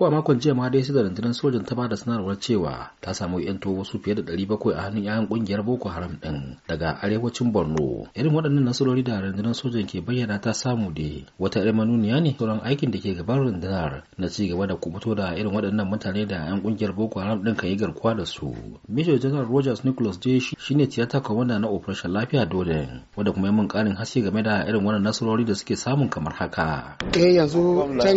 ko a makon jiya ma dai sai da rundunar sojan ta bada sanarwar cewa ta samu yanto wasu fiye da 700 a hannun yayan kungiyar boko haram din daga arewacin borno irin waɗannan nasarori da rundunar sojan ke bayyana ta samu da wata irin manuniya ne sauran aikin da ke gaban rundunar na ci gaba da kubuto da irin waɗannan mutane da yayan kungiyar boko haram din kan yi garkuwa da su major general rogers nicholas j ne tiyata kwamanda na operation lafiya dole wanda kuma yi min ƙarin haske game da irin waɗannan nasarori da suke samun kamar haka eh yanzu can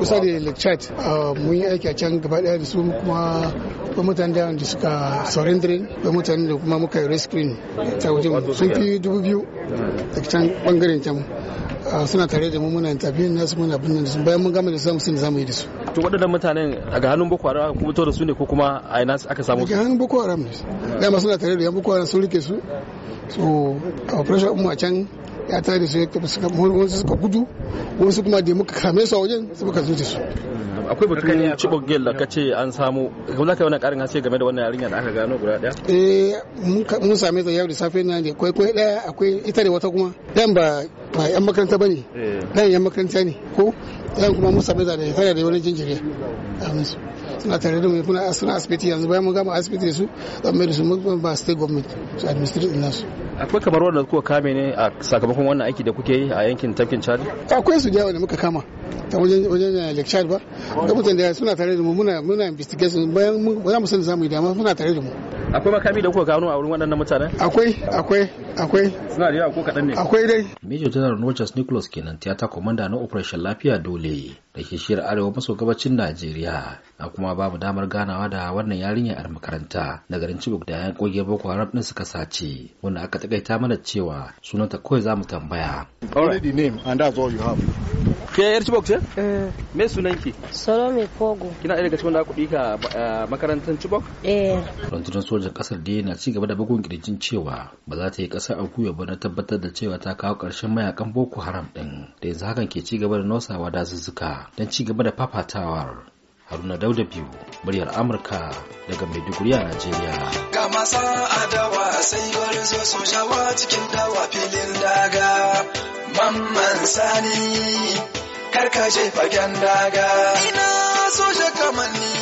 kusa da chat uh, mun yi aiki a can gaba daya da su kuma ba mutane da wanda suka surrendering ba mutane da kuma muka yi rescreen ta wajen sun fi dubu biyu daga can bangaren can uh, suna tare da mu muna interview su muna binne da su bayan mun gama da samu sun zamu yi da su to waɗannan mutanen a ga hannun boko haram kuma to da su ne ko kuma a ina aka samu su hannun boko haram ne dama suna tare da yan boko haram sun rike su so operation mu a can ya tare da su wasu suka gudu wasu kuma da muka kame su a wajen su muka zo da su akwai batun cibok gel da kace an samu kuma zaka yi wani karin hace game da wannan yarinya da aka gano guda daya eh mun same ta yau da safe na ne akwai kai daya akwai ita da wata kuma dan ba ba yan makaranta bane dan eh. yan makaranta ne ko dan kuma mun same ta da tare da wani jinjiri a musu suna tare da mu kuna suna asibiti yanzu bayan mun gama asibiti su zan mai da su mun ba state government su administrate din nasu akwai kamar wanda kuka kame ne a sakamakon wannan aiki da kuke yi a yankin tafkin Chad akwai su jawo da muka kama ta wajen wajen eh, chad ba da mutane suna tare da mu muna muna investigation bayan mu za mu san za mu yi dama suna tare da mu akwai makami da kuka gano a wurin waɗannan mutanen akwai akwai akwai suna da yawa ko kaɗan ne akwai dai major general Rogers Nicholas kenan ta komanda na operation lafiya dole da ke shirya arewa maso gabacin Najeriya na kuma babu damar ganawa da wannan yarinya a makaranta na garin Chibok da yan kogiyar Boko Haram din suka sace wanda aka takaita mana cewa sunanta kawai za mu tambaya already name and that's all you have Ke yar Chibok ce? Eh. Me sunan ki? Salome Kogo. Kina daga cikin da kuɗi ka eh, makarantar Chibok? Eh. Rundunar sojan kasar da na ci gaba da bugun kirjin cewa ba za ta yi ƙasar akuya ba na tabbatar da cewa ta kawo karshen mayakan Boko Haram ɗin. Da yanzu hakan ke ci gaba da nosawa dazuzzuka don ci gaba da fafatawar. Haruna Dauda biyu, muryar Amurka daga Maiduguri a Najeriya. Ga adawa sai cikin dawa filin daga. Mamman sani karka je fagen daga ina so shakamanni.